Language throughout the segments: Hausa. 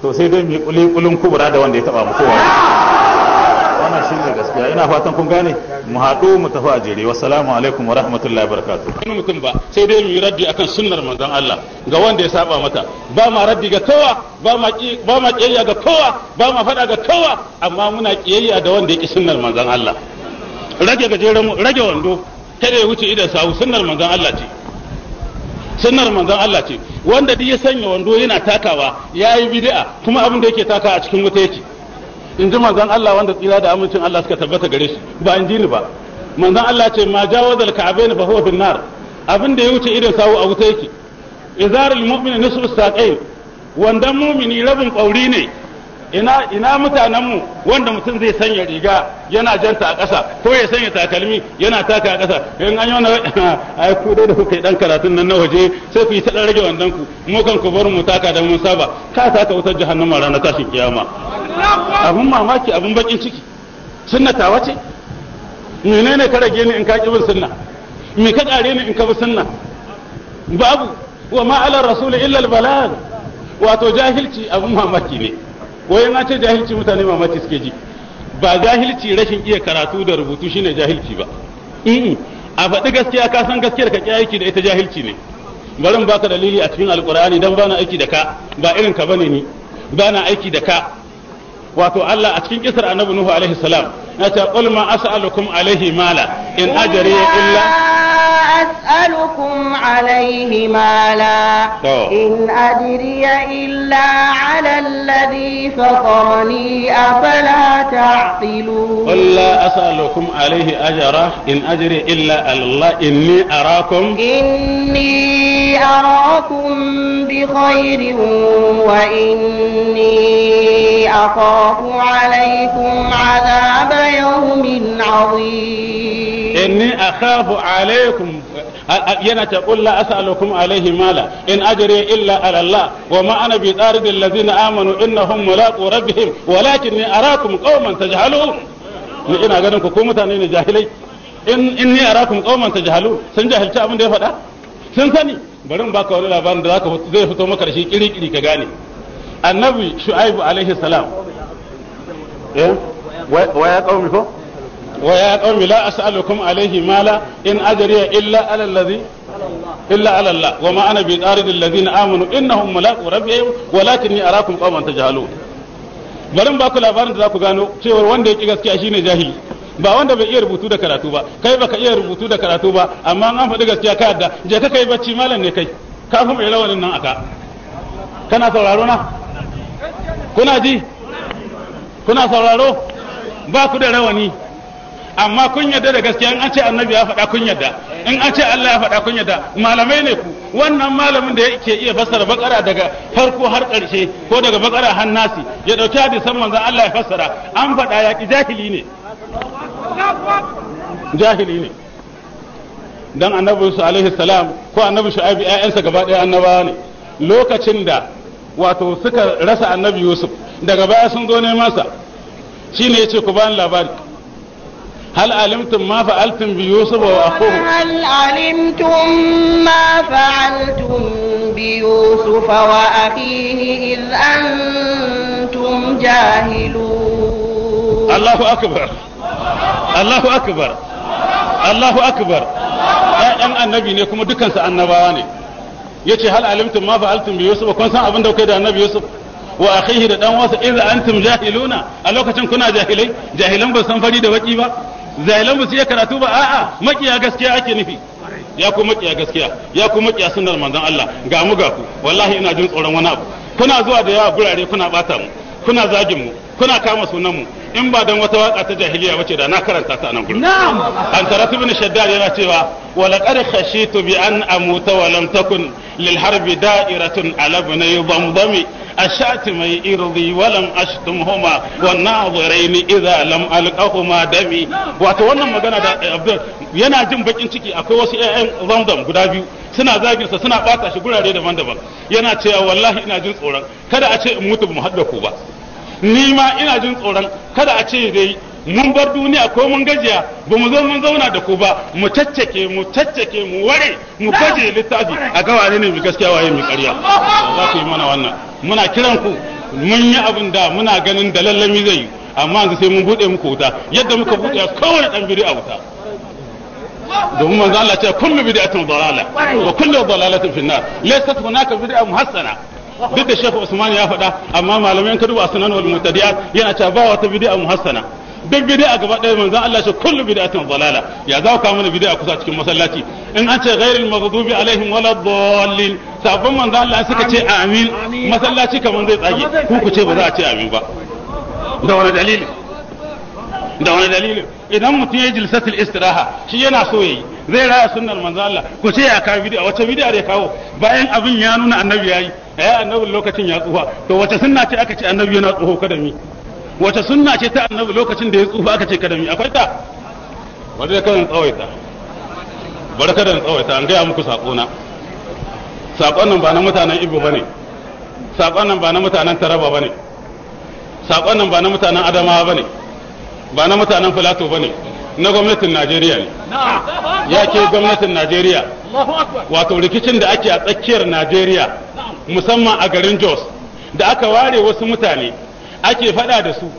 to sai dai mu kulikulin kubura da wanda ya taba mu kowa wannan shi ne gaskiya ina fatan kun gane mu haɗu mu tafi a jere wassalamu alaikum wa rahmatullahi wa barakatuh wani mutum ba sai dai mu yi raddi akan sunnar manzon Allah ga wanda ya saba mata ba ma raddi ga kowa ba ma ba ma kiyayya ga kowa ba ma faɗa ga kowa amma muna kiyayya da wanda ya ki sunnar manzon Allah rage gajeren rage wando kada ya wuce idan sa'u sunnar manzon Allah ce sunnar manzon Allah ce wanda duk ya sanya wando yana takawa ya yi bid'a kuma abin da yake takawa a cikin wuta yake in ji manzon Allah wanda tsira da amincin Allah suka tabbata gare shi ba in ji ni ba manzon Allah ce ma jawazal al-ka'bayn fa huwa binnar nar abin da ya wuce idan sawu a wuta yake izarul mu'min nisfu saqayn wandan mu'mini rabin kauri ne ina ina mutanenmu wanda mutum zai sanya riga yana janta a ƙasa ko ya sanya takalmi yana taka a ƙasa in an yi wani ai ku dai da kuka yi dan karatun nan na waje sai ku yi ta rage wannan ku mu kan ku bar mu taka da mun saba ka taka wutar jahannama ranar tashin kiyama abun mamaki abun bakin ciki sunna ta wace menene ka rage ni in ka ƙi bin sunna me ka kare ni in ka bi sunna babu wa ma'alar rasulu rasul illa al balagh wato jahilci abun mamaki ne wai ma ce jahilci mutane mamaki suke ji ba jahilci rashin iya karatu da rubutu shine jahilci ba eh, eh. a faɗi gaskiya ka san gaskiyar ka aiki da ita jahilci ne barin baka dalili a cikin alkur'ani dan bana aiki da ka ba irin ka bane ni bana aiki da ka wato Allah a cikin kisar annabi Nuhu alaihi salam ya ce qul ma as'alukum alaihi mala إن أجري إلا أسألكم عليه مالا إن أجري إلا على الذي فطرني أفلا تعقلون قل لا أسألكم عليه أجرا إن أجري إلا على الله إني أراكم إني أراكم بخير وإني أخاف عليكم عذاب يوم عظيم inni akhafu alaikum yana ta qul la as'alukum alaihi mala in ajri illa ala wa ma ana bi taridil ladzina amanu innahum mulaqu rabbihim walakinni arakum qauman tajhalun ni ina ganin ku ko mutane ne jahilai in inni arakum qauman tajhalun sun jahilci abin da ya faɗa sun sani bari in baka wani labarin da zaka zai fito maka da shi kiri-kiri ka gane annabi shu'aibu alaihi salam eh? ويا قوم لا أسألكم عليه مالا إن أجري إلا على الذي إلا على الله وما أنا بطارد الذين آمنوا إنهم ملاقو ربهم ولكني أراكم قوما تجهلون barin ba ku labarin da za ku gano cewar wanda ya ki gaskiya shine jahili ba wanda bai iya rubutu da karatu ba kai baka iya rubutu da karatu ba amma an faɗi gaskiya ka yadda je ka kai bacci malam ne kai ka fi mai rawanin nan aka kana sauraro na kuna ji kuna sauraro ba ku da rawani amma kun yadda da gaskiya in an ce annabi ya faɗa kun yadda in an ce Allah ya faɗa kun yadda malamai ne ku wannan malamin da yake iya fassara bakara daga farko har ƙarshe ko daga bakara har nasi ya dauki hadisan manzon Allah ya fassara an faɗa ya ki jahili ne jahili ne dan annabi su alaihi salam ko annabi shu'aibi ayyansa gaba ɗaya annabawa ne lokacin da wato suka rasa annabi yusuf daga baya sun zo neman sa shine yace ku bani labari هل علمتم ما فعلتم بيوسف وأخوه هل علمتم ما فعلتم بيوسف وأخيه إذ أنتم جاهلون الله أكبر الله أكبر الله أكبر ‘ya'yan annabi ne kuma dukansu annabawa ne ya ce hal alimtum ma fa'altum bi yusuf kun san abin da kai da annabi yusuf wa akhihi da dan wasa idza antum jahiluna a lokacin kuna jahilai jahilan ba san fari da baki ba zailan ba su iya karatu ba a'a makiya gaskiya ake nufi ya ku makiya gaskiya ya ku makiya sunnar manzon Allah ga mu ga ku wallahi ina jin tsoron wani abu kuna zuwa da yawa gurare kuna bata mu kuna zagin mu kuna kama sunan mu in ba dan wata waka ta jahiliya bace da na karanta ta nan gurin na'am an taratu ibn shaddad yana cewa wa laqad khashitu bi an amuta wa lam takun lil harbi da'iratun ala ibn huma wa إرضي ولم lam alqahuma dami. wato wannan magana da eh, abdul yana jin bakin ciki akwai wasu ƴaƴan zamzam guda biyu suna zagirsa suna ɓata shi gurare daban-daban yana cewa wallahi ina jin tsoron kada a ce in mutu ba mu ba ni ma ina jin tsoron kada a ce dai mun bar duniya ko mun gajiya ba mu zo mun zauna da ku ba mu caccake mu caccake mu ware mu kaje littafi a ga wani ne mai gaskiya waye mai ƙarya za ku yi mana wannan muna kiran ku mun yi abin da muna ganin da lallami zai yi amma yanzu sai mun bude muku wuta yadda muka bude kowane dan biri a wuta domin manzo Allah ya ce kullu bid'atin dalala wa kullu dalalatin fi nar laysat hunaka bid'a muhassana duk da Sheikh Usman ya faɗa amma malamai ka duba sunan wal mutadiyat yana cewa ba wata bid'a muhassana duk bid'a gaba ɗaya manzon Allah shi kullu bid'atin dalala ya za ka mana bid'a kusa cikin masallaci in an ce ghairil maghdubi alaihim wala dallin sabon manzon Allah suka ce amin masallaci kaman zai tsage ku ku ce ba za a ce amin ba da wani dalili da wani dalili idan mutum ya jilsatul istiraha shi yana so yayi zai raya sunnar manzo Allah ku ce ya kawo bid'a wace bid'a ya kawo bayan abin ya nuna annabi yayi ya annabi lokacin ya tsufa to wace sunna ce aka ce annabi yana tsoho kada mi wace sunna ce ta annabi lokacin da ya tsufa aka ce kada mi akwai ta wanda ya kadan tsawaita barka da tsawaita an gaya muku na sakon nan ba na mutanen ba bane sakon nan ba na mutanen Taraba bane sakon nan ba na mutanen Adamawa bane ba na mutanen Filato bane na gwamnatin Najeriya ne ya ke gwamnatin Najeriya wato rikicin da ake a tsakiyar Najeriya musamman a garin Jos da aka ware wasu mutane ake faɗa da su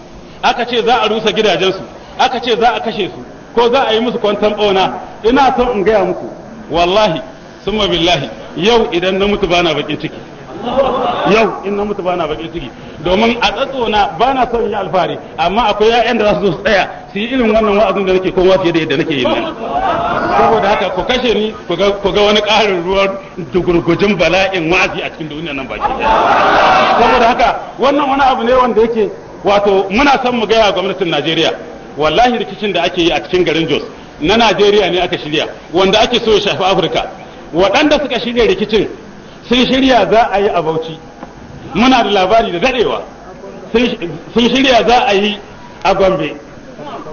aka ce za a rusa gidajensu aka ce za a kashe su ko za a yi musu kwantan ɓauna ina son in gaya muku wallahi summa billahi yau idan na mutu bana bakin ciki yau in na mutu bana bakin ciki domin a na bana son yi alfahari amma akwai ƴaƴan da za su zo su tsaya su yi irin wannan wa'azin da nake kowa fiye da yadda nake yi nan saboda haka ku kashe ni ku ga wani ƙarin ruwan dugurgujin bala'in wa'azi a cikin duniya nan baki saboda haka wannan wani abu ne wanda yake wato muna son mu gaya gwamnatin Najeriya wallahi rikicin da ake yi a cikin garin Jos na Najeriya ne aka shirya wanda ake so ya shafi Afirka waɗanda suka shirya rikicin sun shirya za a yi a bauchi muna da labari da dadewa sun shirya za a yi a gombe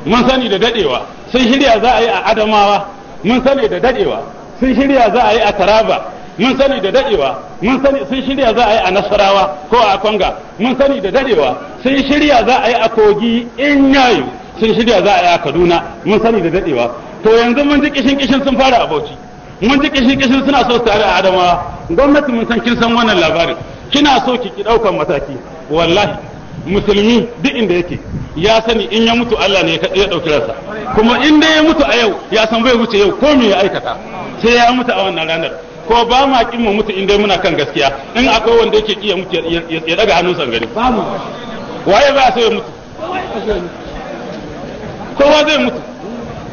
mun sani da dadewa sun shirya za a yi a adamawa mun sani da dadewa sun shirya za a yi a taraba mun sani da dadewa mun sani sun shirya za a yi a nasarawa ko a konga mun sani da dadewa sun shirya za a yi a kogi in yayu sun shirya za a yi a kaduna mun sani da dadewa to yanzu mun ji kishin kishin sun fara a bauchi mun ji kishi kishi suna so tare a adama gwamnati mun san kin san wannan labarin kina so ki ki daukan mataki wallahi musulmi duk inda yake ya sani in ya mutu Allah ne ya dauki ransa kuma in dai ya mutu a yau ya san bai wuce yau ko me ya aikata sai ya mutu a wannan ranar ko ba ma kin mu mutu in muna kan gaskiya in akwai wanda yake iya ya mutu ya daga hannun san gari waye ba sai ya mutu kowa zai mutu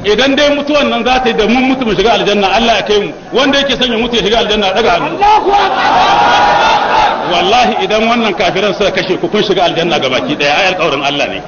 idan dai mutuwan nan za ta yi da mun mutu mu shiga aljanna Allah ya kai mu wanda yake son ya mutu ya shiga aljanna daga hannu wallahi idan wannan kafiran suka kashe ku kun shiga aljanna gabaki daya ayar kaurin Allah ne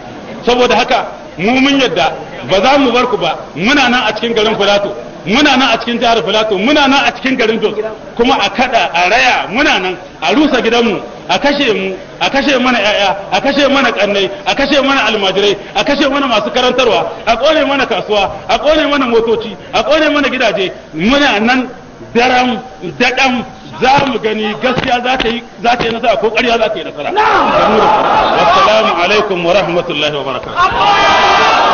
saboda haka mu mun yadda ba za mu bar ku ba muna nan a cikin garin Filato muna nan a cikin jihar filato muna nan a cikin garin jos kuma a kada a raya muna nan a rusa gidanmu a kashe mu a kashe mana yaya a kashe mana kannai a kashe mana almajirai a kashe mana masu karantarwa a kone mana kasuwa a kone mana motoci a kone mana gidaje muna nan daram daɗam za mu gani gaskiya za ta yi za ta yi nasara ko ƙarya za ta yi nasara. Assalamu alaikum wa rahmatullahi wa barakatuh.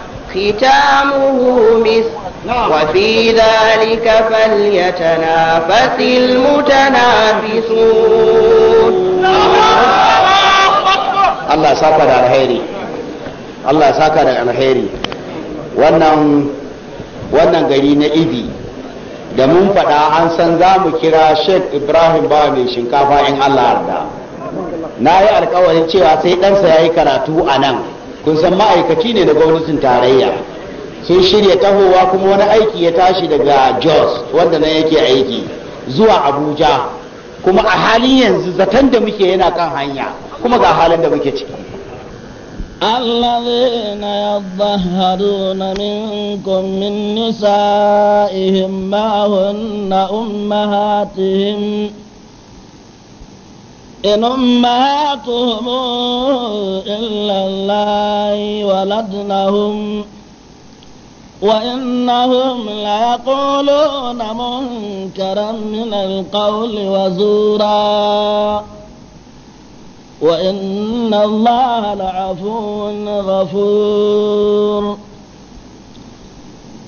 ختامه مسك وفي ذلك فليتنافس المتنافسون Allah saka da alheri Allah saka da alheri wannan wannan gari na idi da mun faɗa an san za mu kira Sheikh Ibrahim ba mai shinkafa in Allah yarda na yi alkawarin cewa sai ɗansa ya yi karatu a nan kun san ma'aikaci ne da gwamnatin tarayya sun shirya tahowa kuma wani aiki ya tashi daga jos wanda na yake aiki zuwa abuja kuma a halin yanzu zaton da muke yana kan hanya kuma ga halin da muke ciki الذين يظهرون منكم من نسائهم ما هن أمهاتهم إن أمهاتهم إلا الله ولدنهم وإنهم ليقولون منكرا من القول وزورا وإن الله لعفو غفور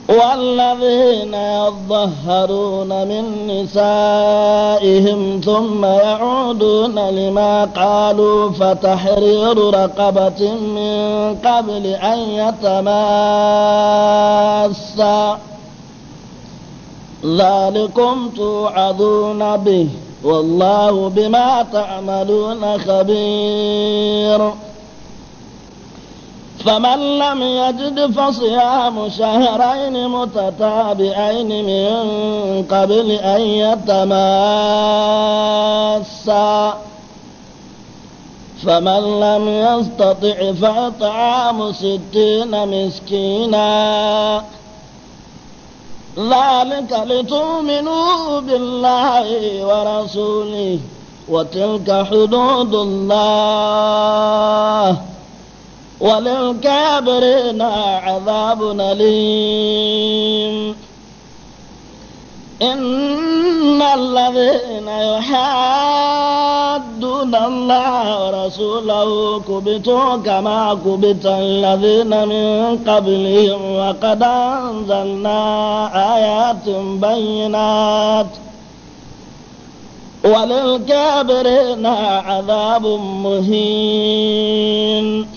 والذين يظهرون من نسائهم ثم يعودون لما قالوا فتحرير رقبة من قبل أن يتماسا ذلكم توعظون به والله بما تعملون خبير فمن لم يجد فصيام شهرين متتابعين من قبل أن يتماسا فمن لم يستطع فإطعام ستين مسكينا ذلك لتؤمنوا بالله ورسوله وتلك حدود الله وللكابرين عذاب أليم إن الذين يحادون الله ورسوله كبتوا كما كبت الذين من قبلهم وقد أنزلنا آيات بينات وللكابرين عذاب مهين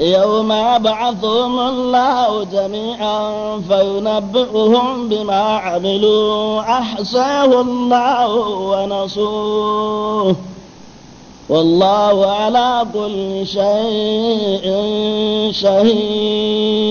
يوم يبعثهم الله جميعا فينبئهم بما عملوا أحساه الله ونصوه والله على كل شيء شهيد